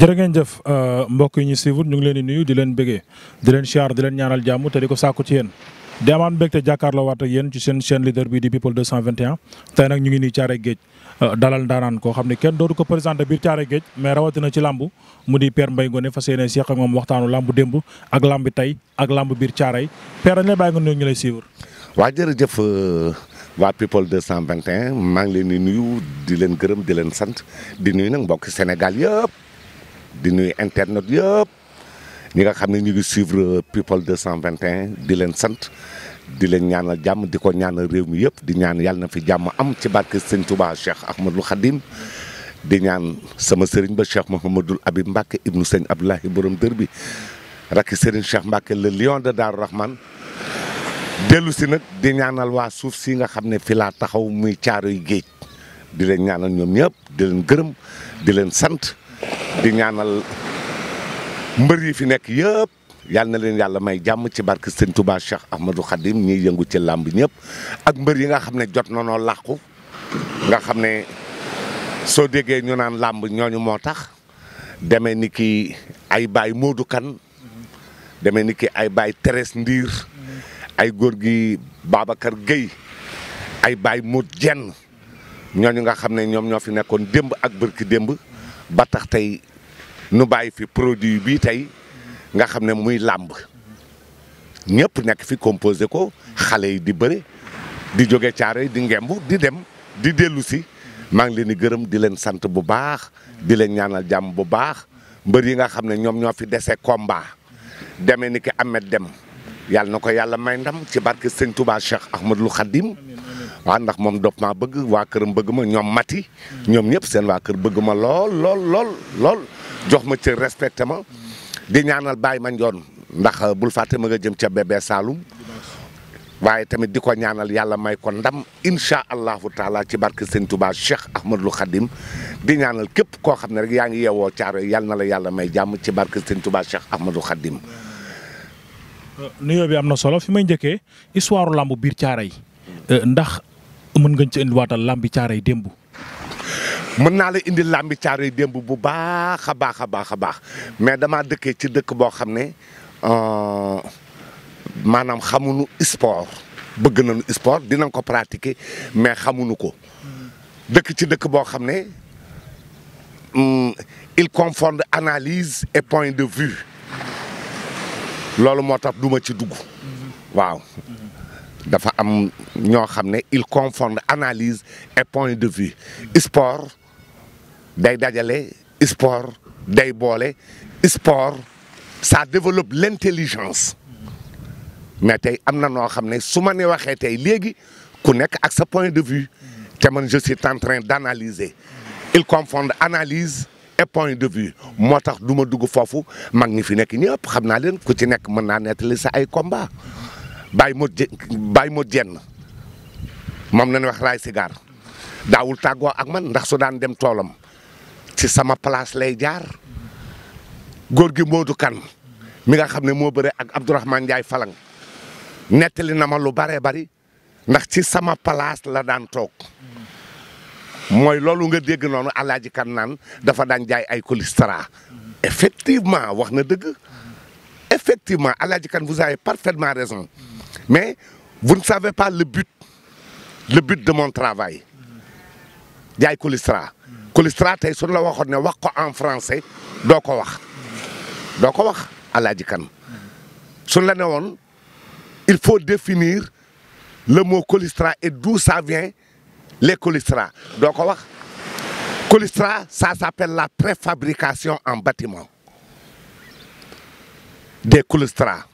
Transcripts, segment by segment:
jërë ngeen jëf euh, mbokk yi ñu siiwut ñu ngi leen di nuyu di leen bëggee di leen siyaar di leen ñaanal jàmm te di ko sàkku ci yéen di amaan mbégte jàkkaarloo waat ak yéen ci seen chaîne leader bi di people 221 nag ñu ngi nii Thiaré Géej euh, dalal ndaanaan koo xam ne kenn dootu ko présenté biir Thiaré Géej mais rawatina ci làmb mu di Père Mbaye Ngoné fas yéene seq ak moom waxtaanu làmb démb ak làmb tey ak làmb biir Thiaré Père dañ lay bàyyi nga nuyu ñu lay siiwut. waa jërëjëf euh, waa people 221 maa ngi leen di nuyu di leen gërëm di leen sant di nuyu nag mbokk Sénégal yëpp di nuyu internet yëpp ñi nga xam ne ñu ngi suivre people 221 di leen sant di leen ñaanal jàmm di ko ñaanal réew mi yëpp di ñaan yàlla na fi jàmm am ci barke sëñ Touba Cheikh Ahmadul Khadim di ñaan sama sëriñ ba Cheikh Mouhamadul abi Mbacke ibnu sëñ Abdoulahi borom dër bi rakki sëriñ Cheikh Mbacke le lion de Darou Rahman dellu si nag di ñaanal waa suuf si nga xam ne fi laa taxaw muy caaroy géej di leen ñaanal ñoom ñëpp di leen gërëm di leen sant di ñaanal mbër yi fi nekk yëpp yal na leen yàlla may jàmm ci barke sëñ Touba Cheikh Ahmadou Khadim yëngu ci làmb ñëpp ak mbër yi nga xam ne jot na noo làqu nga xam ne soo déggee ñu naan làmb ñooñu moo tax deme ni ki ay baay Modou Kane demee ni ay baay Thérèse Ndiir ay góor gi Babacar Gueye ay baay Modou Dieng ñooñu nga xam ne ñoom ñoo fi nekkoon démb ak bërki démb ba tax tey nu bàyyi fi produit bii tey nga xam ne muy làmb ñëpp nekk fi composé ko xale yi di bëre di jóge caaro yi di ngemb di dem di dellu si maa ngi leen di gërëm di leen sant bu baax di leen ñaanal jàmm bu baax mbër yi nga xam ne ñoom ñoo fi dese combat demee ni ki Ahmed Dem yàlla na ko yàlla may ndam ci barke sëñ Touba Cheikh Ahmadou Khadim waa ndax moom dopp maa bëgg waa këram bëgg ma ñoom mati ñoom ñëpp seen waa kër bëgg ma lool lool lool lool jox ma ci respecté ma di ñaanal ma Mandione ndax euh, bul fàtte ma nga jëm ca bébé Saloum tamit di ko ñaanal yàlla may ko ndam incha allahu taala ci barke sëñ Touba Cheikh Ahmadul Khadim di ñaanal képp koo xam ne rek yaa ngi yeewoo caaro yàlla na la yàlla may jàmm ci barke sëñ Touba Cheikh Ahmadul Khadim. Euh, nuyoo bi am na solo fi may njëkkee histoire lamb biir caara yi euh, mën nga ci indiwaatal làmbi caaray démb. mën naa la indi làmbi caaray démb bu baax a baax a baax a baax mais damaa dëkkee ci dëkk boo xam ne euh, maanaam xamuñu sport bëgg nañu sport dinañ ko pratiquer mais xamuñu ko dëkk ci dëkk boo xam ne hmm, il confondent analyse et point de vue loolu moo tax duma ci dugg waaw. dafa am ñoo xam ne il confond analyse et point de vue sport day dajale sport day boole sport sa développe l'intelligence mais tey am na noo xam ne su ma ne waxee tey léegi ku nekk ak sa point de vue te man je suis en train d'analyser il confond analyse et point de vue moo tax du ma dugg foofu mag ñi fi nekk ñëpp xam naa leen ku ci nekk mën naa nettali sa ay combat baay Mod Baye Mod Jenn moom la ñuy wax raay sigaar daawul tàggoo ak man ndax su daan dem toolam ci sama place lay jaar góor gi Modou Kan mi nga xam ne moo bëre ak Abdourahmane Ndiaye Falang nettali na ma lu baree bari ndax ci sama place la daan toog mooy loolu nga dégg noonu alaaji kan naan dafa daan jaay ay colistara effectivement wax na dëgg effectivement alaaji kan vous avez parfaitement raison mais vous ne savez pas le but le but de mon travail jaay Colistra. Colistra tey suñu la waxoon ne wax ko en français doo ko wax doo ko wax Alaaji Kan suñu la ne woon il faut définir le mot Colistra et d'où ça vient les Colistra doo ko wax Colistra ça s'appelle la préfabrication en bâtiment des Colistra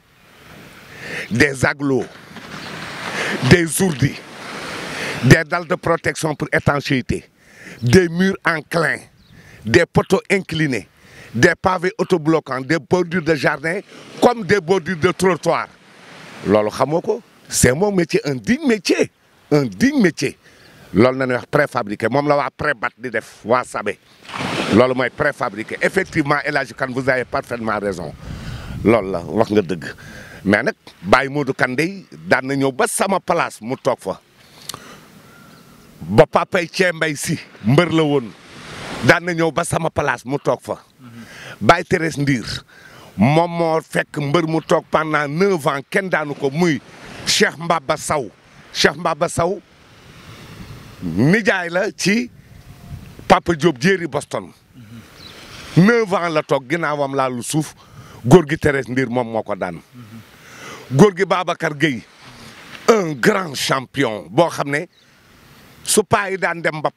des agglos, des ourdis, des dalles de protection pour étanchéité, des murs enclins, des poteaux inclinés, des pavés autobloquants, des bordures de jardin comme des bordures de trottoir. loolu xamoo ko c'est mon métier un digne métier un digne métier loolu na ñuy wax préfabriqué moom la waa prébat di def waa Sabé loolu mooy préfabriqué effectivement El Hadj Kane vous avez parfaitement raison loolu la wax nga dëgg. mais nag Baye Modou Kandé daan na ñëw ba sama palaas mu toog fa ba papay Ceembay si mbër la woon daan na ñëw ba sama palaas mu toog fa baay Thérèse Ndiir moom moo fekk mbër mu toog panna neuf kenn daanu ko muy Cheikh Mbaba Saw Cheikh Mbaba Saw nijaay la ci Papa Diop jéeri Boston neuf la toog ginnaawam laalu suuf góor gi teres Ndiir moom moo ko daan góor gi Babacar Gueye un grand champion boo xam ne su paa yi daan dem ba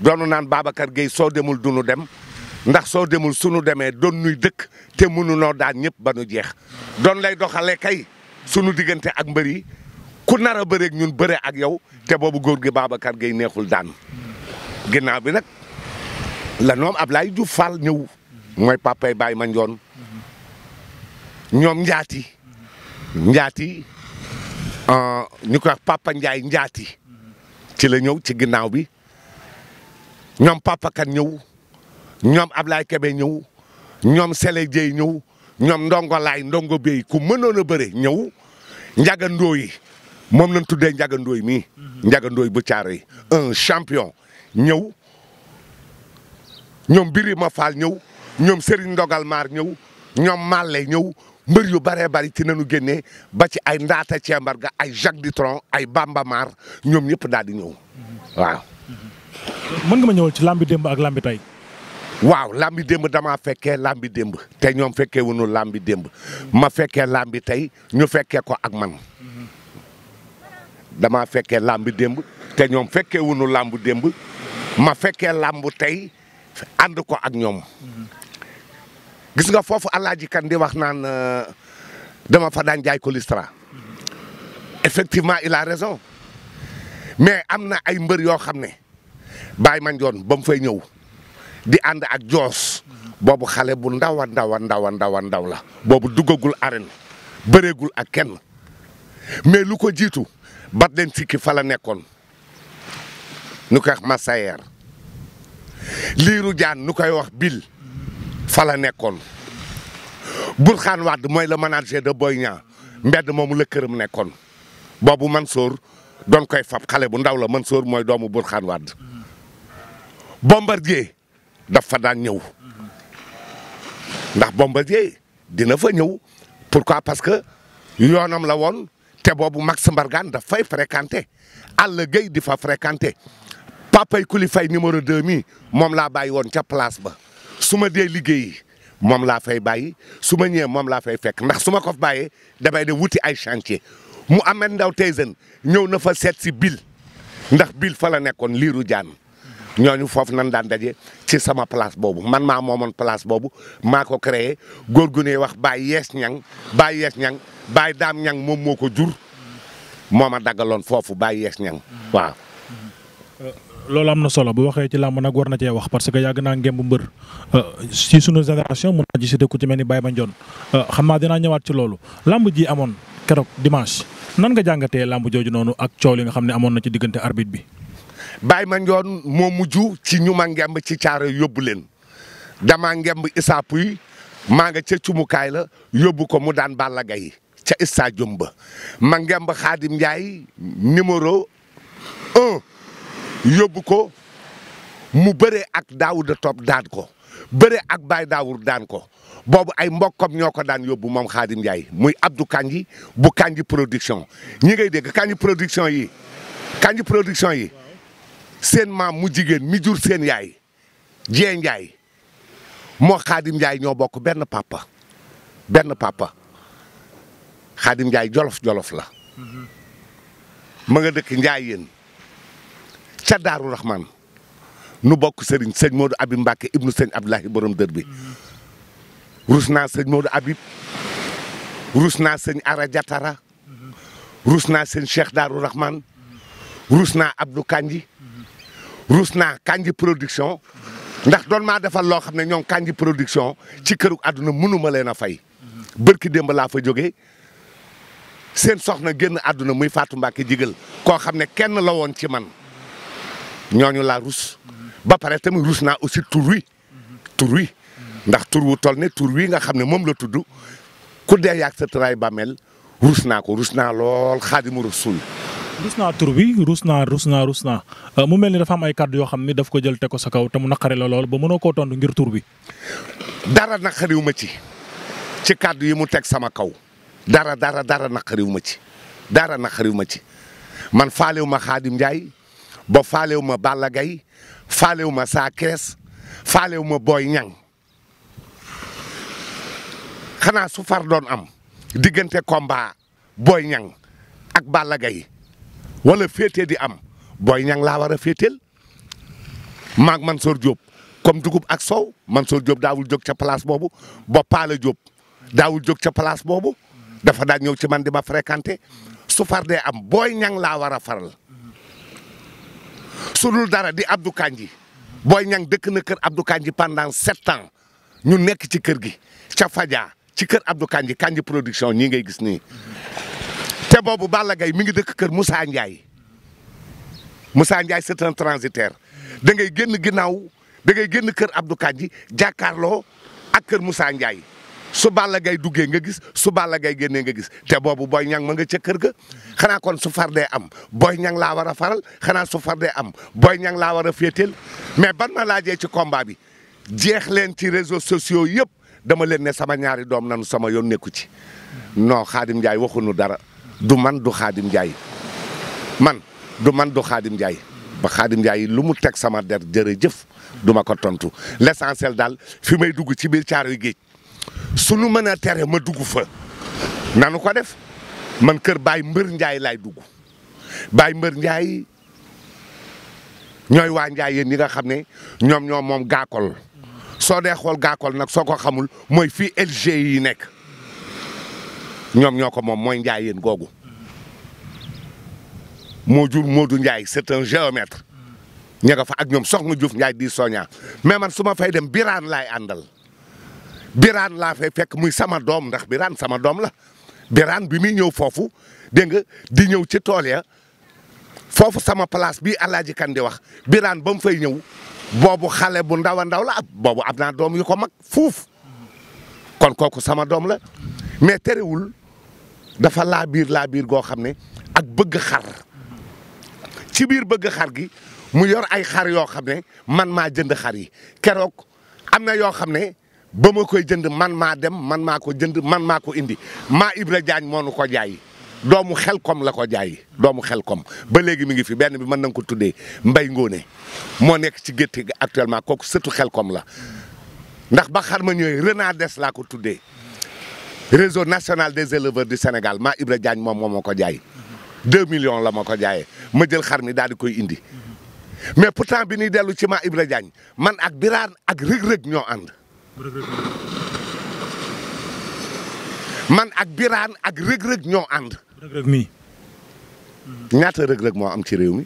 doonu naan Babacar Gueye soo demul du nu dem ndax soo demul sunu demee doon nuy dëkk te mënunoo daan ñëpp ba nu jeex doon lay doxalee kay sunu diggante ak mbër yi ku nara a ñun bëre ak yow te boobu góor gi Babacar Gueye neexul daan ginnaaw bi nag la ñoom Ablaye Diouf Fall ñëw mooy papay ma Mandione ñoom njaati Njaati euh, ñu koy wax papa Ndiaye Njaati ci la ñëw ci ginnaaw bi ñoom papa kan ñëw ñoom Ablaye Kebe ñëw ñoom Sele Dieye ñëw ñoom Ndongo Laay Ndongo Bey ku mënoon a bëre ñëw njagandoo yi moom lañ tuddee njagandoo yi mii. Mhm. njagandoo yi bu caare yi un champion ñëw ñoom Birima Fall ñëw ñoom Serigne Ndogal Maar ñëw ñoom Malle ñëw. mbër yu baree bari ci nañu génnee ba ci ay ndaata Cembarga ay Jacques Dutronc ay Bamba Mar ñoom ñëpp daal di ñëw waaw. mën nga ma ñëwal ci làmbi démb ak làmbi tey. waaw làmbi démb damaa fekkee làmbi démb te ñoom fekkee wuñu làmbi démb ma fekkee làmbi tey ñu fekkee ko ak man damaa fekkee làmbi démb te ñoom fekkee wuñu démb ma fekkee làmbu tey ànd ko ak ñoom gis nga foofu Alaaji Kan di wax naan euh, dama fa daan jaay Colistra effectivement il la raison mais am na ay mbër yoo xam ne Baye Mandione ba mu fay ñëw di ànd ak joos boobu xale bu ndaw a ndaw a ndaw a ndaw la boobu duggagul arène bëreegul ak kenn mais lu ko jiitu bat leen sikki fa la nekkoon nu koy wax Massayer liiru jaan nu koy wax Bill fa la nekkoon Bourkhane Wade mooy la manager de Boy ñaa mbedd moomu la këram nekkoon boobu man soor doon koy fab xale bu ndaw la man soor mooy doomu Bourkhane Wade Bombardier daf fa daan ñëw ndax Bombardier dina fa ñëw pourquoi parce que yoonam la woon te boobu Max mbargan daf fay fréquenté Alla Gueye di fa fréquenté papay kuli fay numéro 2 mi moom laa bàyyi woon ca place ba su ma dee liggéeyi moom laa fay bàyyi su ma ñëwee moom laa fay fekk ndax su ma ko bàyyee damay de wuti ay chantier mu Ameth Ndaw Tyson ñëw na fa seet si Bill ndax Bill fa la nekkoon liiru jaan ñooñu foofu nan daan daje ci sama place boobu man maa moomoon place boobu maa ko créé góor gu ne wax Baye Yes Ñang Baye Yes ñaŋ Baye Daam Ñang moom moo ko jur moo ma daggaloon foofu Baye Yes Ñang waaw. Mm-hmm. loolu am na solo bu waxee ci làmb nag war na cee wax parce que yàgg naa ngemb mbër euh, si sunu génération mun na gisite ku ci mel ni Baye Mandione euh, xam naa dinaa ñëwaat ci loolu làmb ji amoon keroog dimanche nan nga jàngatee làmb jooju noonu ak coow li nga xam ne amoon na ci diggante arbitre bi. ma Mandione moo mujj ci ñu ma ngemb ci caaro yóbbu leen damaa ngemb isaapu yi maa nga ca cumukaay la yóbbu ko mu daan Balla Gaye ca stadium ba ma ngemb Khadim Ndiaye yóbbu ko mu bëre ak Daawuda Top daan ko bëree ak baay Daawur daan ko boobu ay mbokkam ñoo ko daan yóbbu moom Xaadim Njaay muy Abdou Kanji bu Kanji production ñi ngay dégg Kanji production yi Kanji production yi seen maam mu jigéen mi jur seen yaay Jee Njaay moo Xaadim Njaay ñoo bokk benn papa benn papa Xaadim Njaay jolof jolof la mhm. ma nga dëkk Njaayeen ca Daaru Rahman nu bokk sëriñ sëñ Modou Habib Mbacke ibnu sëñ Abdoulahi borom dër bi rus naa sëñ Modou abib rus naa sëñ arajatara ruus naa sëñ Cheikh Daaru Rahman ruus naa Abdou Kanji ruus naa Kanji production ndax doon maa defal loo xam ne ñoom Kanji production ci këru àdduna mënuma leen a fay bërki démb laa fa jóge seen soxna génn àdduna muy Fatou Mbacke jigal koo xam ne kenn la woon ci man ñooñu laa rus ba pare tamit ruus naa aussi tur wi tur wi ndax tur wu toll ne tur wi nga xam ne moom la tudd ku dee yaag sa tëraay bàmmeel ruus naa ko rus naa lool xaadimu rasul rus naa tur bi rus naa rus naa rus naa euh, mu mel ni dafa am ay kàddu yoo xam ni daf ko jël te ko sa kaw te mu naqari la lool ba mënoo koo tontu ngir tur bi. dara naqariwu ma ci ci kàddu yi mu teg sama kaw dara dara dara naqariwu ma ci dara naqariwu ma ci man faalewu ma xaadim Njaay ba faalewu ma Balla Gaye faalewu ma saa kees faalewu ma booy Niang xanaa su far doon am diggante komba booy Niang ak Balla Gaye wala féete di am booy Niang laa war a féeteel maag Mansour Diop comme dugub ak soow Mansour Diop daawul jóg ca place boobu ba Paala Diop daawul jóg ca place boobu dafa daa ñëw ci man ma fréquenté su far dee am booy Niang laa war a faral surul dara di Abdou Kandji Boy Niang dëkk na kër Abdou Kandji pendant sept ans ñu nekk ci kër gi ca Fadia ci kër Abdou Kandji Kandji production ñii ngay gis nii. te boobu Balla Gaye mi ngi dëkk kër Moussa Ndiaye Moussa Ndiaye c'est un transitaire da ngay génn ginnaaw da ngay génn kër Abdou Kandji jàkkaarloo ak kër Moussa Ndiaye. su Balla Gaye duggee nga gis su Balla Gaye génnee nga gis te boobu booy Niang ma nga ca kër ga xanaa kon su fardee am booy Niang laa war a faral xanaa su far am booy Niang laa war a féeteel mais ban ma laajee ci kombaa bi jeex leen ci réseaux sociaux yëpp dama leen ne sama ñaari doom nanu sama yoon nekku ci non Xaadim Ndiaye waxuñu dara du man du Xaadim Ndiaye man du man du Xaadim Ndiaye ba Xaadim Ndiaye lu mu teg sama der jëf du ma ko tontu l'essentiel daal fi may dugg ci biir caaru géej suñu mën a tere ma dugg fa nanu ko def man kër Baye Mbër njaay laay dugg Baye Mbër Ndiaye ñooy waa Ndiaye yéen ñi nga xam ne ñoom ñoom moom gaakol soo dee xool gaakol nag soo ko xamul mooy fii LG yi nekk ñoom ñoo ko moom mooy Ndiaye yéen googu moo jur Modou njaay c'est un géomètre ña nga fa ak ñoom sox soxna Diouf Ndiaye di soña mais man su ma fay dem biraan laay àndal biraan laa fa fekk muy sama doom ndax biraan sama doom la biraan bi muy ñëw foofu dégg nga di ñëw ci tool ya foofu sama place bii Alaaji Kan di wax biraan ba mu fay ñëw boobu xale bu ndaw a ndaw la ab boobu am naa doom yu ko mag fuuf kon kooku sama doom la mais terewul dafa laa biir laa biir goo xam ne ak bëgg xar ci biir bëgg xar gi mu yor ay xar yoo xam ne man maa jënd xar yi keroog am na yoo xam ne ba ma koy jënd man maa dem man maa ko jënd man maa ko indi maa Ibra Jaañ moo nu ko jaay doomu xel Xelkom la ko jaay doomu xel kom ba léegi mi ngi fi benn bi mën na ko tuddee Mbay Ngóone moo nekk ci gétt gi actuellement kooku xel Xelkom la ndax ba xar ma ñëwee des laa ko tuddee réseau national des éleveurs du Sénégal maa Ibra Jaañ moom moo ma ko jaay deux millions la ma ko jaayee ma jël xar mi daal di koy indi mais pourtant bi ñuy dellu ci maa Ibra Jaañ man ak Biraan ak rëg ñoo ànd man ak Birane ak rëg-rëg ñoo ànd. rëg ñaata rëg-rëg moo am ci réew mi.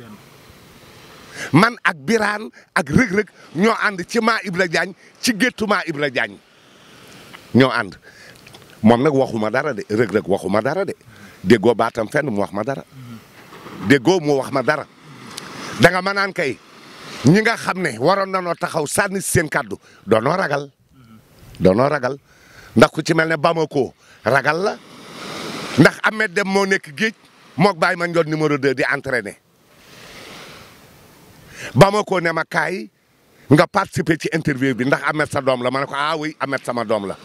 man ak Birane ak rëg-rëg ñoo ànd ci maa Ibra Diagne ci géttu maa Ibra Diagne ñoo ànd moom nag waxuma dara de rëg-rëg waxuma dara de déggoo baatam fen mu wax ma dara. déggoo mu wax ma dara danga nga ma naan kay ñi nga xam ne waroon na noo taxaw sànni seen kàddu doonoo ragal. doonoo ragal ndax ku ci mel ne Bamako ragal la ndax Ahmed Dem moo nekk géej mook Baye Mandione numéro 2 di entraîné Bamako ne ma kaay nga participer ci interview bi ndax Ahmed sa doom la ma ne ko ah oui Ahmed sama doom la.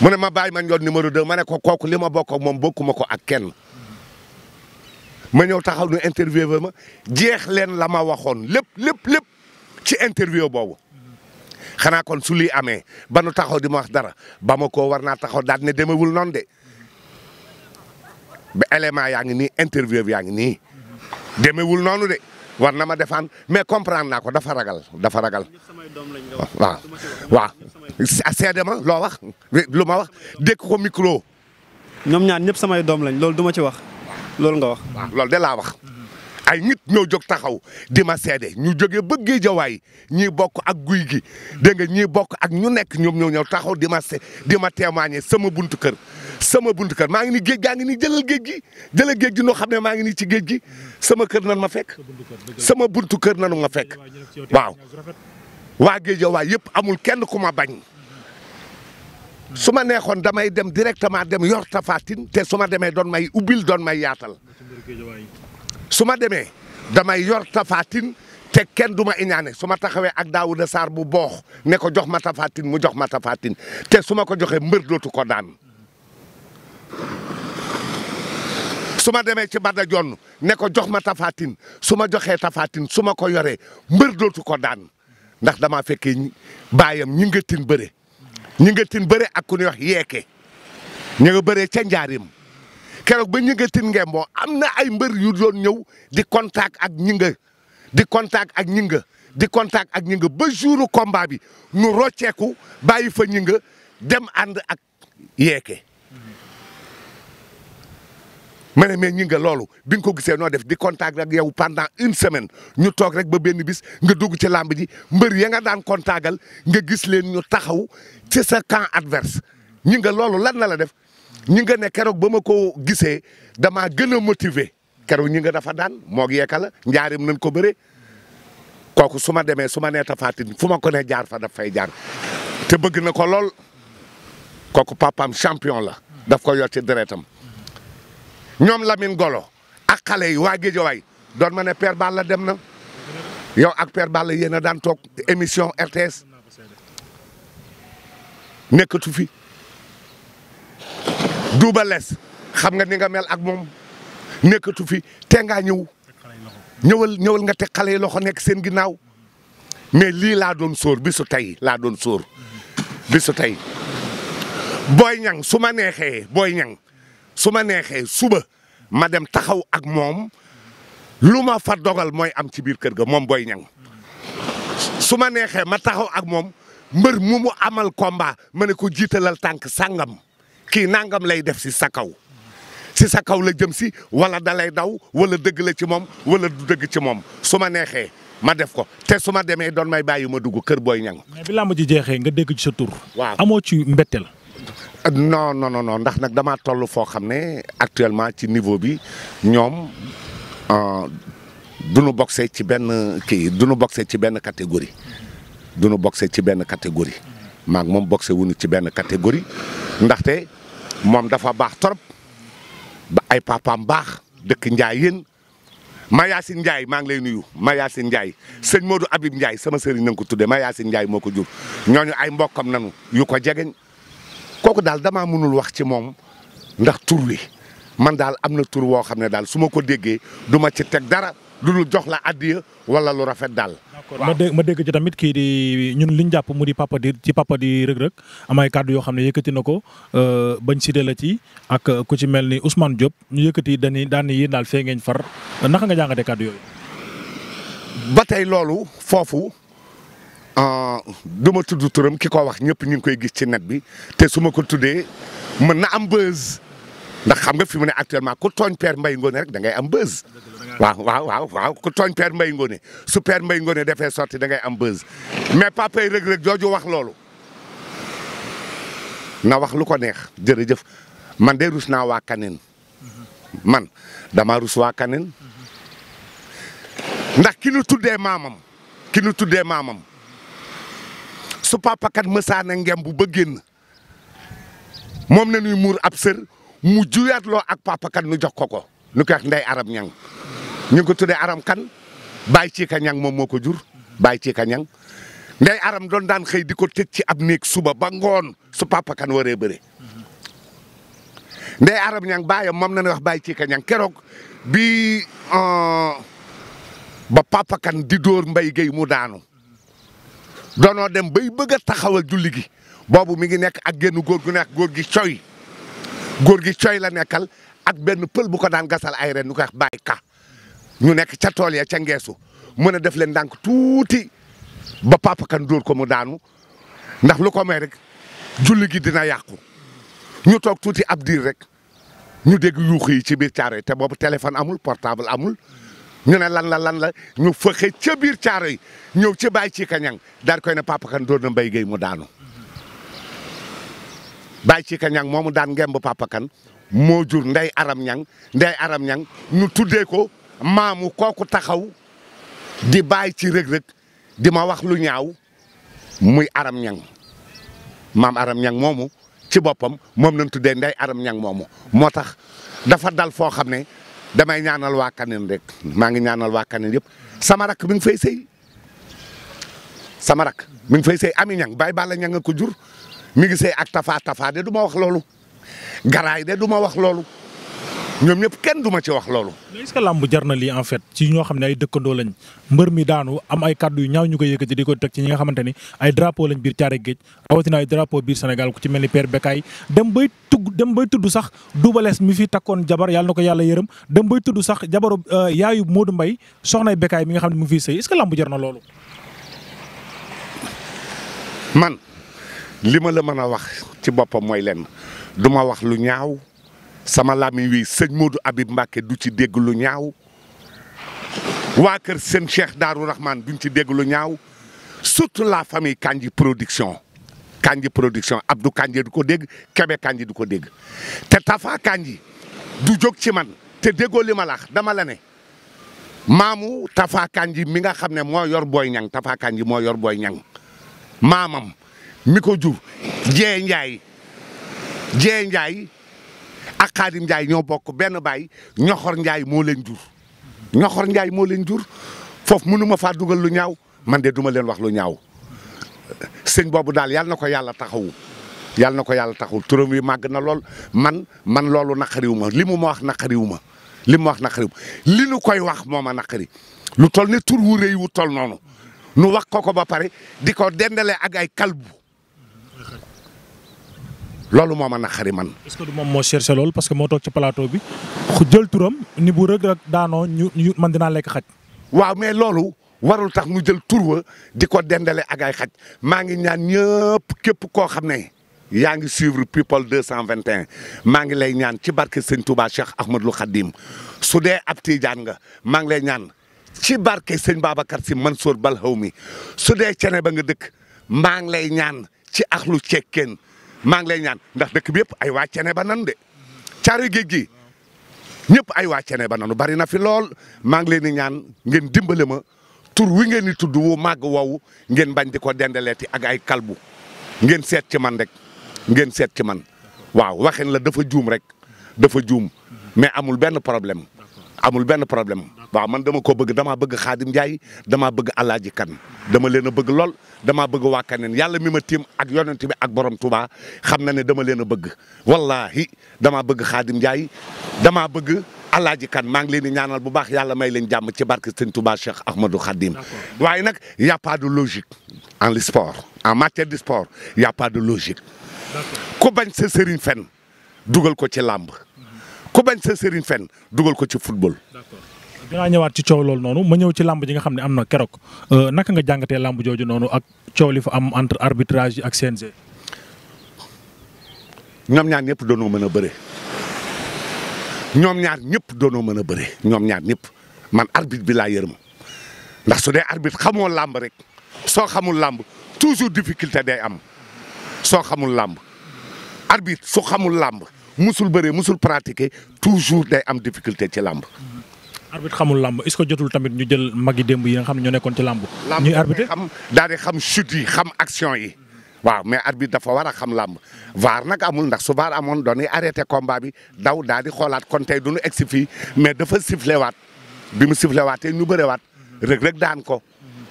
mu ne ma Baye Mandione numéro 2 ma ne ko kooku li ma bokk moom moom ma ko ak kenn ma ñëw taxaw nu interview ba ma jeex leen la ma waxoon lépp lépp lépp ci interview boobu. xanaa kon su lii amee banu taxaw di ma wax dara Bamako war naa taxaw daal ne demewul noonu de ba élément yaa ngi nii interview yaa ngi nii demewul noonu de war na ma defaan mais comprendre naa ko dafa ragal dafa ragal waaw waaw ah, seede ma loo wax lu ma wax dégg ko micro ñoom ñaar ñëpp samay doom lañ loolu duma ci wax loolu nga wax waaw de laa wax ay nit ñoo jog taxaw di ma seede ñu jógee ba géejawaay ñii bokk ak guy gi dégg nga ñii bokk ak ñu nekk ñoom ñoo ñëw taxaw di ma se di ma témoigner sama buntu kër. sama buntukar maa ngi ni géej gaa ngi ni jëlal géej gi jëlal géej gi noo xam ne maa ngi ni ci géej gi sama kër nan ma fekk sama buntu kër nanu ma fekk waaw. waa géejawaay yëpp amul kenn ku ma bañ. su ma neexoon damay dem directement dem yor Tapha Tine te su ma demee doon may ubbil doon may yaatal. su ma demee damay yor tafaatin te kenn duma ma iñaane su ma taxawee ak Daawuda saar bu boox ne ko jox ma tafaatin mu jox ma tafaatin te su ma ko joxee mbër dootu ko daan su ma demee ci Bada Jonn ne ko jox ma tafaatin su ma joxee tafaatin su ma ko yoree mbër dootu ko daan ndax damaa fekkee baayam ñi nga tin bëre ñi nga tin bëre ak ku nu yox yeeke ñi nga bëree ca njaarim keroog ba ñi nga tin am na ay mbër yu doon ñëw di kontak ak ñi nga di kontak ak ñi nga di contact ak ñi nga ba jouru combat bi nu rocceeku bàyyi fa ñi nga dem ànd ak yeeke ma ne mais ñi nga loolu bi nga ko gisee noo def di contact ak yow pendant une semaine ñu toog rek ba benn bis nga dugg ci làmb ji mbër ya nga daan contactal nga gis leen ñu taxaw ci sa camp adverse ñi nga loolu lan na la def ñi nga ne keroog ba ma ko gisee damaa gën a motiver keroog ñi nga dafa daan moog yeeka la njaarim nañ ko bëre kooku su ma demee su ma nee tafaatin fu ma ko ne jaar fa daf fay jaar te bëgg na ko lool kooku papam champion la daf ko yor ci deretam ñoom min Golo ak xale yi waa Géejawaay doon ma ne Père Balla dem na yow ak Père Balla yéen a daan toog émission RTS nekkatu fi Double Less xam nga ni nga mel ak moom nekkatu fi te ngaa ñëw ñëwal ñëwal nga teg xale yi loxo nekk seen ginnaaw mais lii laa doon sóor bi su tey laa doon sóor bi su tey booy ñaŋ su ma neexee booy ñang su ma neexee suba ma dem taxaw ak moom lu ma fa dogal mooy am ci biir kër ga moom booy ñaŋ su ma neexee ma taxaw ak moom mbër mu mu amal komba ma ne ko jiitalal tànk sàngam kii nangam lay def si sa kaw si sa kaw la jëm si wala dalay daw wala dëgg la ci moom wala du dëgg ci moom su ma neexee ma def ko te su ma demee doon may bàyyi ma dugg kër booy ñang mais bi làmb ji jeexee nga dégg ci sa tur. amoo ci mbetteel. non non non ndax nag damaa toll foo xam ne actuellement ci niveau bi ñoom euh, du nu boxee ci benn kii du nu boxee ci benn catégorie. du nu boxee ci benn catégorie. maak moom boxé wuñu ci benn catégorie ndaxte. moom dafa baax trop ba ay papaam baax dëkk Njaay yéen Mayacine Ndiaye maa ngi lay nuyu Mayacine Ndiaye sëñ Modou Habib Ndiaye sama sëriñ na nga ko tuddee Mayacine Ndiaye moo ko jur ñooñu ay mbokkam nanu yu ko jegeñ kooku daal dama mënul wax ci moom ndax tur wi man daal am na tur woo xam ne daal su ma ko déggee du ma ci teg dara lu dul jox la addiya wala lu rafet daal. ma dégg ma dégg ci tamit kii di ñun liñ jàpp mu di papa di ci papa di Reug Reug am kàddu yoo xam ne yëkkati na ko euh, bañ cité la ci ak ku ci mel ni Ousmane Diop ñu yëkkati dañuy daan yéen daal fee ngeen far naka nga jàngatee kàddu yooyu. ba tey loolu foofu. Euh, du ma tudd turam ki ko wax ñëpp ñu ngi koy gis ci net bi te su ma ko tuddee mën na am buzz ndax xam nga fi mu ne actuellement ku tooñ Père mbay Ngoné rek da ngay am buzz waaw waaw waaw waaw ku tooñ Père Mbaye Ngoné su Père Mbaye Ngoné defee sorti da ngay am buzz mais papay Reug Reug jooju wax loolu na wax lu ko neex jërëjëf man de rus naa waa Kaneen man dama rus waa Kaneen ndax ki nu tuddee maamam ki nu tuddee maamam su papakat mësaana ngem bu ba moom na ñuy muur ab sër mu juyaat loo ak papakat nu jox ko ko nu koy wax arab ñang ñu ngi ko tuddee aram kan Baye Ciika Ñang moom moo ko jur Baye Ciika Ñang ndey aram doon daan xëy di ko tëj ci ab néeg suba ba ngoon su papa kan waree bëre. ndey aram ñang baayam moom na ne wax Baye Ciika Ñang keroog bi euh, ba papa kan di dóor mbay géy mu daanu doonoo dem bay bëgg a taxawal julli gi boobu mu ngi nekk ak génn góor gu nekk góor gi coy góor gi coy la nekkal ak benn pël bu ko daan gasal ay ren ñu koy wax Baye Ka ñu nekk ca tool ya ca ngeesu mën a def leen ndànk tuuti ba Papa Kane dóor ko mu daanu ndax lu ko may rek julli gi dina yàqu ñu toog tuuti ab diir rek ñu dégg yuux yi ci biir caaro yi te boobu téléphone amul portable amul ñu ne lan la lan la ñu fëxe ca biir caaro yi ñëw ci bàyyi ci kañang daal koy ne Papa Kane dóor na Mbaye Guèye mu daanu bàyyi ci kañang moomu daan ngemb Papa Kane moo jur ndey aram ñaŋ ndey aram ñaŋ ñu tuddee ko maamu kooku taxaw di bàyyi ci rëg-rëg di ma wax lu ñaaw muy aram ñang maam aram ñang moomu ci boppam moom lañ tuddee ndey aram ñang moomu moo tax dafa dal foo xam ne damay ñaanal waa Kaneen rek maa ngi ñaanal waa Kaneen yëpp sama rakk mi ngi fay sey sama rak mi ngi fay sëy ami ñang bàyyi bala ñang a ko jur mi ngi sëy ak tafa tafa de du ma wax loolu garaay de du ma wax loolu ñoom ñëpp kenn duma ci wax loolu. mais est-ce que jar na lii en fait ci xam ne ay dëkkandoo lañ mbër mi daanu am ay kàddu yu ñaaw ñu ko yëkkati di ko teg ci ñi nga xamante ni ay drapeau lañ biir caare géej rawatina ay drapeau biir Sénégal ku ci mel ni Père Bekaay dem bay tugg dem bay tudd sax dubalees mi fi takkoon jabar yàlla ko yàlla yërëm dem bay tudd sax jabaru euh, yaayu Modou Mbaye soxnay Bekaay mi nga xam ne mu ngi fiy sëy est na loolu. man li ma la mën a wax ci boppam mooy lenn duma wax lu ñaaw. sama làmmiñ wi sëñ Modou Habib Mbacke du ci dégg lu ñaaw waa kër seen Cheikh Darou Rahman duñ ci dégg lu ñaaw surtout la famille Kandji production Kandji production Abdou Kandji du ko dégg Kébé Kandji du ko dégg te Tafa Kandji du jóg ci man te déggoo li ma dama la ne maamu Tafa Kandji mi nga xam ne moo yor boy ñang Tafa Kandji moo yor booy ñang maamam mi ko jur jee Njaay jee Njaay ak Xaadim Njaay ñoo bokk benn baay ñoxor Njaay moo leen jur ñoxor Njaay moo leen jur foofu mënu faa dugal lu ñaaw man de duma leen wax lu ñaaw sëñ boobu daal yàlla na ko yàlla taxawu yàlla na ko yàlla taxawu turam wi màgg na lool man man loolu naqariwu ma li mu ma wax naqariwu ma li mu wax naqariwu ma li nu koy wax moo ma naqari lu tol ne tur wu rëy wu tol noonu nu wax ko ko ba pare di ko dendale ak ay kalbu loolu moo ma naqari man. est-ce que du moom moo cherché loolu parce que moo toog ci plateau bi jël turam ni bu rëgg rek daanoo ñu ñu man dinaa lekk xaj. waaw mais loolu warul tax mu jël tur wa di ko dendale ak ay xaj maa ngi ñaan ñëpp képp koo xam ne yaa ngi suivre people 221 maa ngi lay ñaan ci barke sëñ Touba Cheikh Ahmadou Khadim su dee ab tiijaan nga maa ngi lay ñaan ci barke sëñ Babacar si man Mansour Balhaw mi su dee cene ba nga dëkk maa ngi lay ñaan ci axlu cekkeen maa ngi lay ñaan ndax dëkk bi yëpp ay waa cene ba nan de car géej gi ñëpp ay waa cene ba nanu bari na fi lool maa ngi leen di ñaan ngeen dimbale ma tur wi ngeen di tudd wu màgg woowu ngeen bañ di ko dendaleeti ak ay kalbu ngeen seet ci man rek ngeen seet ci man waaw waxin la dafa juum rek dafa juum mais amul benn problème amul benn problème waaw man dama ko bëgg damaa bëgg Xaadim Njaay damaa bëgg Alaaji Kan dama leen a bëgg lool damaa bëgg waa Kaneen yàlla mi ma tiim ak yonent bi ak borom Touba xam na ne dama leen a bëgg wallaahi damaa bëgg Xaadim Njaay damaa bëgg Alaaji Kan maa ngi leen di ñaanal bu baax yàlla may leen jàmm ci barki Sëñ Touba Cheikh Ahmadou Khadim waaye nag y a logique en le sport en matière de sport y a pas de logique ku bañ sa fen dugal ko ci làmb ku bañ fen dugal ko ci football dinaa ñëwaat ci coow loolu noonu ma ñëw ci làmb ji nga xam ne am na keroog euh, naka nga jàngatee làmb jooju noonu ak coow li fa am entre arbitrage ak CNG. ñoom ñaar ñëpp doonoo mën a bëre ñoom ñaar ñëpp doonoo mën a bëre ñoom ñaar ñëpp man arbitre bi laa yërëm ndax su dee arbitre xamoo làmb rek soo xamul làmb toujours difficulté day am soo xamul làmb arbitre su xamul làmb musul bëree musul pratiquer toujours day am difficulté ci làmb. arbitre xamul làmb est-ce que jotul tamit ñu jël mag yi démb yi nga xam ne ñoo nekkoon ci làmb. ñuy arbitre xam daal di xam chute yi xam action yi. waaw mais arbitre dafa war a xam làmb vaar nag amul ndax su vaar amoon doon arrêté combat bi daw daal di xoolaat kon tey du ñu egsi fii mais dafa sifflé waat bi mu sifflé waatee ñu bëre waat rek rek daan ko.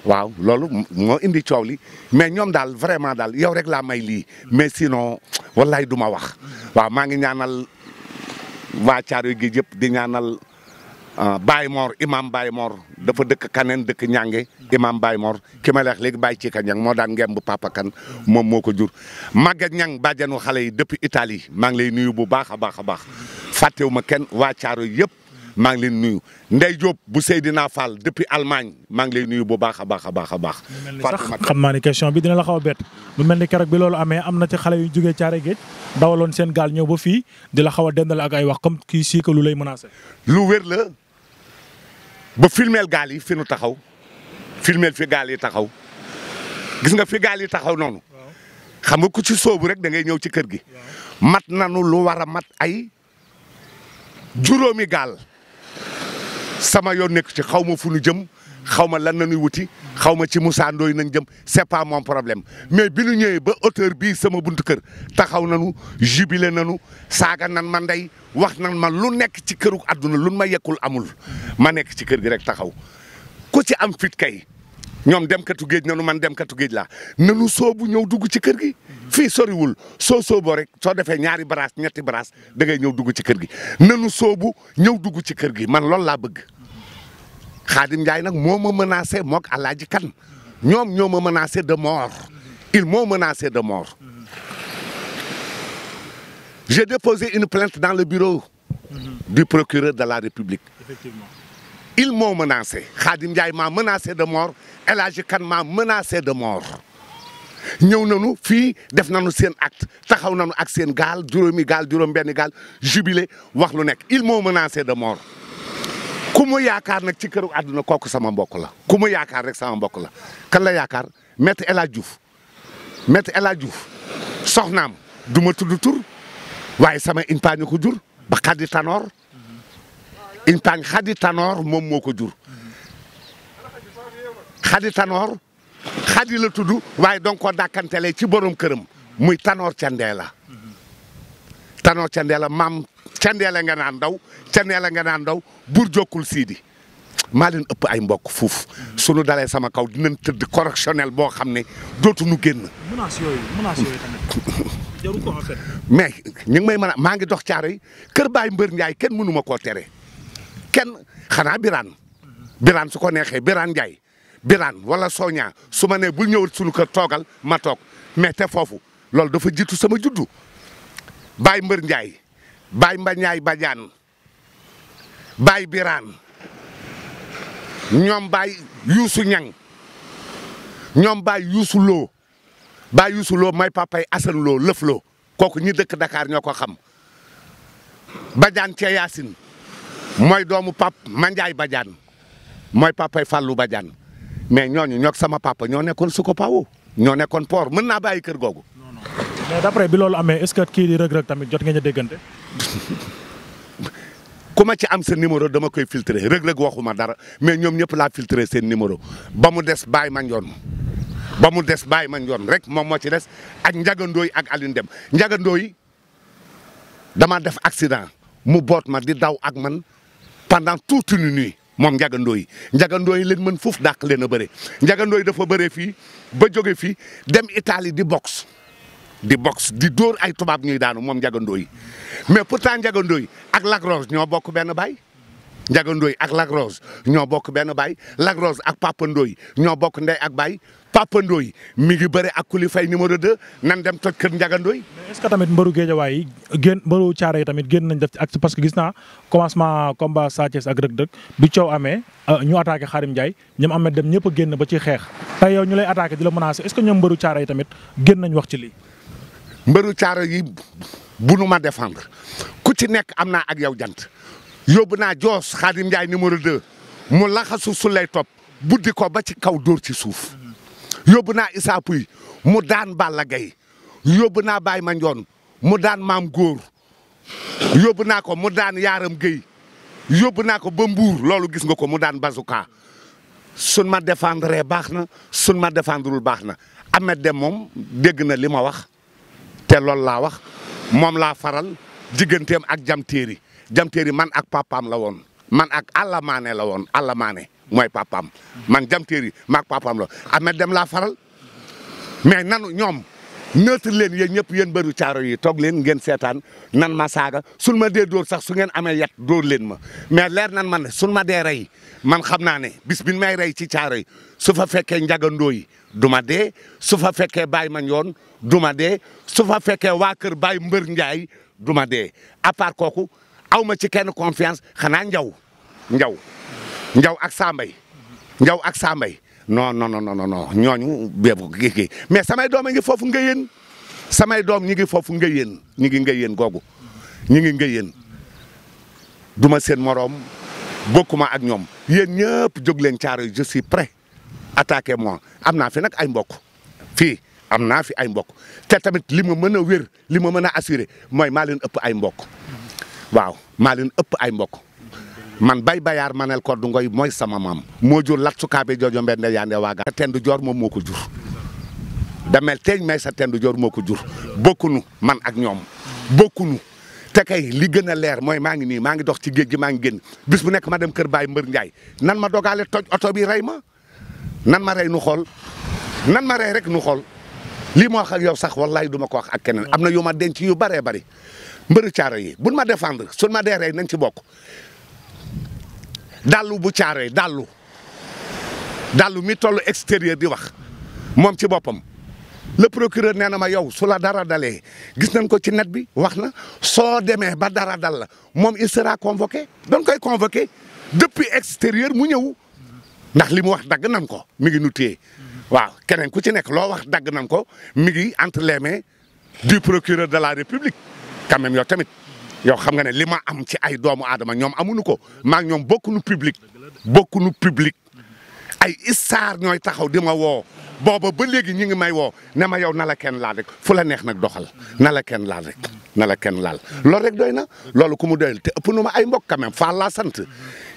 waaw loolu moo indi coow li mais ñoom daal vraiment daal yow rek laa may lii mais sinon wallaay du ma wax waaw maa ngi ñaanal waa Caaroy gi yëpp di ñaanal. Euh, Baye Mor imam Baye Mor dafa dëkk kaneen dëkk ñànge imam Baye Mor ki ma leex léegi Baye Cika Ñang moo daan ngemb papa kan moom moo ko jur Maguette Ñang bàjjanu xale yi depuis Italie maa ngi lay nuyu bu baax a baax a baax fàttewu kenn waa Caaro yëpp maa ngi leen nuyu Ndey Diop bu Seydina Fall depuis Allemagne maa ngi lay nuyu bu baax a baax a baax a baax. Fatou xam naa ni question bi dina la xaw a bett mu mel ni keroog bi loolu amee am na ci xale yu jógee Caare Géej la xaw ba filmeel gaal yi fi nu taxaw filmeel fi gaal yi taxaw gis nga fi gaal yi taxaw noonu xam nga ku ci soobu rek da ngay ñëw ci kër gi mat nanu lu war a mat ay juróomi gaal sama yoon nekk ci xaw ma fu nu jëm xaw ma lan la ñuy wuti xawma ci Moussa Ndoye nañ jëm c'est pas mon problème mais bi ñu ñëwee ba auteur bii sama buntu kër taxaw nañu jubilé nanu saaga nan ma ndey wax nan man lu nekk ci këru àdduna lu ma yekkul amul ma nekk ci kër gi rek taxaw ku ci am fit kay ñoom dem katu géej nanu man dem katu géej laa nanu soobu ñëw dugg ci kër gi fii soriwul soo sooboo rek soo defee ñaari baraas ñetti baraas dangay ñëw dugg ci kër gi nanu soobu ñëw dugg ci kër gi man loolu laa bëgg Khadim Ndiaye nag moo ma menacé mook Alaaji Kan ñoom ñoo ma menacé de mort ils m'ont menacé de mort j'ai déposé une plainte dans le bureau du procureur de la République effectivement ils m'ont menacé Khadim Ndiaye m'a menacé de mort El Hadji Kane m'a menacé de mort ñëw nañu fii def nanu seen acte taxaw nañu ak seen gaal juróomi gaal juróom benn gaal jubilé wax lu nekk il moo menacé de mort ku yaakaar nag ci këru àdduna kooku sama mbokk la ku mu yaakaar rek sama mbokk la kan la yaakaar metti El Hadj Diouf maître El Hadj Diouf soxnaam du ma tur waaye sama impaañ ko jur ba xaddi tanoor impaañ xaddi tanoor moom moo ko jur xaddi tanoor xaddi la tudd waaye donc koo dàkkantelee ci borom këram muy tanoor ca ndee la tanoor ca maam candeela nga naan ndaw candeela nga naan ndaw buur jokkul siidi maa leen ëpp ay mbokk fuuf sunu dalee sama kaw dinañ tëdd correctionnel boo xam ne dootuñu génn. menaces yooyu mais ñu ngi may mën a maa ngi dox caaro yi kër Baye Mbër Ndiaye kenn mënu ma koo tere kenn xanaa biraan Birane su ko neexee Birane Ndiaye Birane wala Soña su ma nee bul ñëwal sunu kër toogal ma toog mais te foofu loolu dafa jiitu sama juddu Baye Mbër Ndiaye baay mbañaay bajaan baay biraan ñoom baay yuusu ñang ñoom baay yuusu loo baay yuusu loo may papay asan loo lëf loo kooku ñi dëkk dakaar ñoo ko xam bajaan cee yaasin mooy doomu pap manjaay bajaan mooy papay fàllu bajaan mais ñooñu ñoog sama papa ñoo nekkoon su ko pawo ñoo nekkoon port mën naa bàyyi kër googu mais d'après bi loolu amee est-ce que kii di rëg-rëg tamit jot ngeen a déggante. ku ma ci am seen numéro dama koy filtre rëg-rëg waxuma dara mais ñoom ñëpp laa filtré seen numéro ba mu des Baye Mandione ba mu des Baye Mandione rek moom moo ci des ak njagandoo yi ak alin Dem njagandooy dama def accident mu boot ma di daw ak man pendant toute une nuit. moom njagandoo yi njagandoo yi leen mën foofu dàq leen a bëre njagandooy yi dafa bëre fii ba jóge fii dem Italie di boxe di box di dóor ay tubaab ñuy daanu moom njagandoo mais pourtant njagandoo yi ak lagros ñoo bokk benn baay njagandoo ak Lac ñoo bokk benn baay Lac ak papandoo yi ñoo bokk ndey ak baay papandoo yi mi ngi bëre ak Coly Faye numéro 2 nan dem toj kër njagandoo yi. ce que tamit mbëru géejawaay yi génn mbëru caare yi tamit génn nañ def ci parce que gis naa commencement combat Sa Thiès ak Reug Reug bi coow amee euh, ñu attaqué Xarim Ndiaye ñoom Ahmed dem ñëpp a génn ba ci xeex. tey yow ñu lay attaqué di la menacé est ce tamit génn wax ci lii. mbëru caaro yi bu nu ma défendre ku ci nekk am naa ak yow jant yóbbu naa Joos Xaadim Njaay numéro 2 mu laxasu su lay topp buddi ko ba ci kaw dóor ci suuf yóbbu naa Issa Pouye mu daan Balla Gaye yóbbu naa ma Mandione mu daan Maam Góor yóbbu naa ko mu daan Yaaram Gueye yóbbu naa ko ba Mbuur loolu gis nga ko mu daan Bazouka sun ma défendre baax na sun ma défendrewul baax na Ahmed Dem moom dégg na li ma wax te loolu laa wax moom laa faral digganteem ak jamtéeri jamtéeri man ak papaam la woon man ak allamaane la woon allamaane mooy papaam man jamtéeri ma ak papaam la ame dem laa faral mais nan ñoom neutre leen yéen ñëpp yéen bëru caaro yi toog leen ngeen seetaan nan ma saaga suñ ma dee dóor sax su ngeen amee yat dóor leen ma mais leer nan man ne suñ ma dee rey man xam naa ne bis bin may rey ci caaro yi su fa fekkee njagandoo yi du ma dee su fa fekkee Baye Mandione du ma dee su fa fekkee waa kër Baye Mbër Ndiaye duma dee à part kooku aw ma ci kenn confiance xanaa njaw njaw njaw ak Sambay njaw ak Sambay non non non non non ñooñu béebu gi gi mais samay doom a ngi foofu nga yéen samay doom ñi ngi foofu nga yéen ñi ngi nga yéen googu ñi ngi nga yéen du ma seen moroom bokkuma ak ñoom yéen ñëpp jóg leen caaro je attaqué moi am naa fi nag ay mbokk fii am naa fi ay mbok te tamit li ma mën a wér li ma mën a assure mooy maa leen ëpp ay mbokk waaw maa leen ëpp ay mbok man bay bayaar manel Codou Ngoy mooy sama maam moo jur latsukaabe joojo mbende yaande waaga sa joor moom moo ko jur damel teeñ may sa tendu joor moo ko jur bokkunu man ak ñoom bokkunu te kay li gën a leer mooy maa ngi nii maa ngi dox ci géej gi maa ngi génn bis bu nekk ma dem kër baay Mbër Ndiaye nan ma dogaale toj oto bi rey ma nan ma rey nu xool nan ma rey rek nu xool lii ma wax ak yow sax wallahi du ma ko wax ak keneen am na yu ma denc yu bëree bëri mbëru caare yi buñ ma défendre suñ ma dee rey nañ ci bokk dallu bu caare dallu dallu mi toll extérieur di wax moom ci boppam le procureur nee na ma yow su la dara dalee gis nañ ko ci net bi wax na soo demee ba dara dal la moom il sera convoqué dañ koy convoqué depuis extérieur mu ñëw ndax li mu wax dagg nan ko mi ngi nu téye waaw keneen ku ci nekk loo wax dagg nan ko mi ngi entre les mains du procureur de la république quand même yow tamit yow xam nga ne li ma am ci ay doomu aadama ñoom amuñu ko maa ñoom bokkuñu public bokkuñu public ay istaar ñooy taxaw di ma woo booba ba léegi ñu ngi may woo ne ma yow na la kenn laal rek fu la neex nag doxal na la kenn laal rek na la kenn laal loolu rek doy na loolu ku mu doyal te ëpp nu ma ay mbokk quand même faal laa sant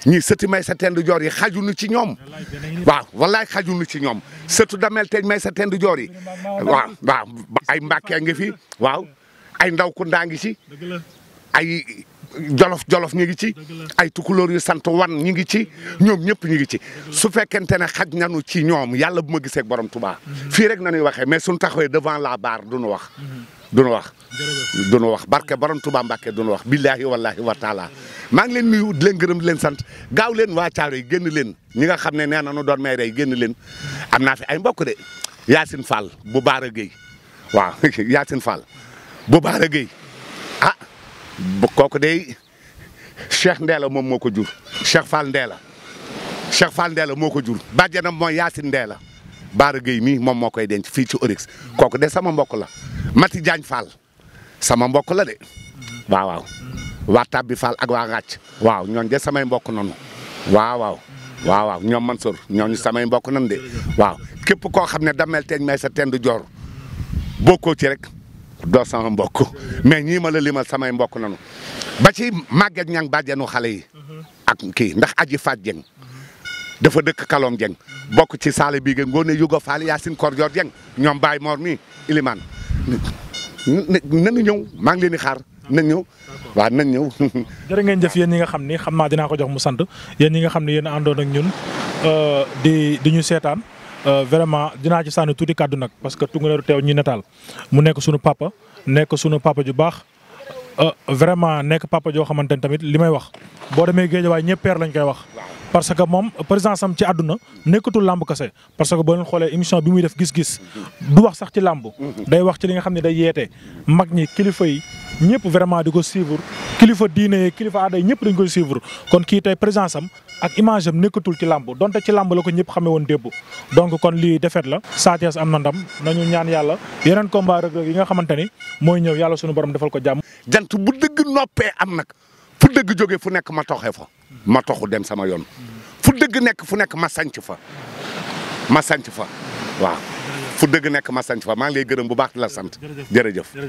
ñi sëti may sa tendu joor yi xajunu ci ñoom waaw wallaay xajunu ci ñoom sëtu damel teñ may sa tendu joor yi waaw waaw ay mbàkkee nga fi waaw ay ndaw ku ndaa ngi ci ay jolof jolof ñu ngi ci ay tukulóor yu sant wan ñu ngi ci ñoom ñëpp ñu ngi ci su fekkente ne xaj nanu ci ñoom yàlla bu ma gisee borom tubaa mhm. fii rek nañuy waxee mais suñu taxawee devant la barre duñu wax mhm. duñu wax duñu wax barke borom Tuubaa Mbàkke duñu wax billaahi wallaahi wa taala maa ngi leen nuyu di leen gërëm di leen sant gaaw leen waa Caaro yi génn leen ñi nga xam ne nee na nu doon may rey génn leen am naa fi ay mbokk de Yacine Fall bu Baara Gueye waaw Yacine Fall bu Baara kooku day Cheikh Ndéla moom moo ko jur Cheikh Fall Ndéla Cheikh Fall Ndéla moo ko jur bàjjanam mooy Yacine Ndéla Baara Gueye mii moom moo koy denc fii ci Orix kooku de sama mbokk la Mati Diagne Fall sama mbokk la de waaw waaw ak waa waaw ñooñ samay mbokk noonu waaw ñoom man waaw ñooñ samay mbokk nan de waaw képp koo xam ne damel teeñ may sa tendu joor bokkoo ci rek doo sama mbokk mais ñii ma la limal samay mbokk nanu ba ci màgget ñang bàjjenu xale yi ak kii ndax aji faat jeng dafa dëkk kaloom jeng bokk ci saale bii ngeen ngoone yugo faal yaasin kor joor jeng ñoom baay moor mi ilimaan nanu ñëw maa ngi leen di xaar nañ ñëw waaw nañ ñëw jërë ngeen jëf ñi nga xam ni xam naa dinaa ko jox mu sant yéen ñi nga xam ne yéen àndoon ak ñun di ñu seetaan Euh, vraiment dinaa ci sànni tuuti kàddu parce que Tungureeru teew ñi nataal mu nekk sunu papa nekk sunu papa ju baax. Euh, vraiment nekk papa joo xamante ni tamit li may wax boo demee géejawaay ñëpp père lañ koy wax. parce que moom présence am ci àdduna nekkatu làmb kese parce que boo leen xoolee émission bi muy def gis-gis du wax sax ci làmb. day wax ci li nga xam ne day yeete mag ñi kilifa yi ñëpp vraiment di ko suivre kilifa diine kilifa aada ñëpp dañ koy suivre kon kii tey présence am. ak image nekkatul ci làmb donte ci làmb la ko ñëpp xamee woon démb donc kon lii defet la Sa Thiès am na ndam nañu ñaan yàlla yeneen combat Reug Reug yi nga xamante ni mooy ñëw yàlla sunu borom defal ko jàmm. jant bu dëgg noppee am nag fu dëgg jógee fu nekk ma toxee fa ma toxu dem sama yoon fu dëgg nekk fu nekk ma sanc fa ma sanc fa waaw fu dëgg nekk ma sanc fa maa ngi lay gërëm bu baax di la sant jërëjëf.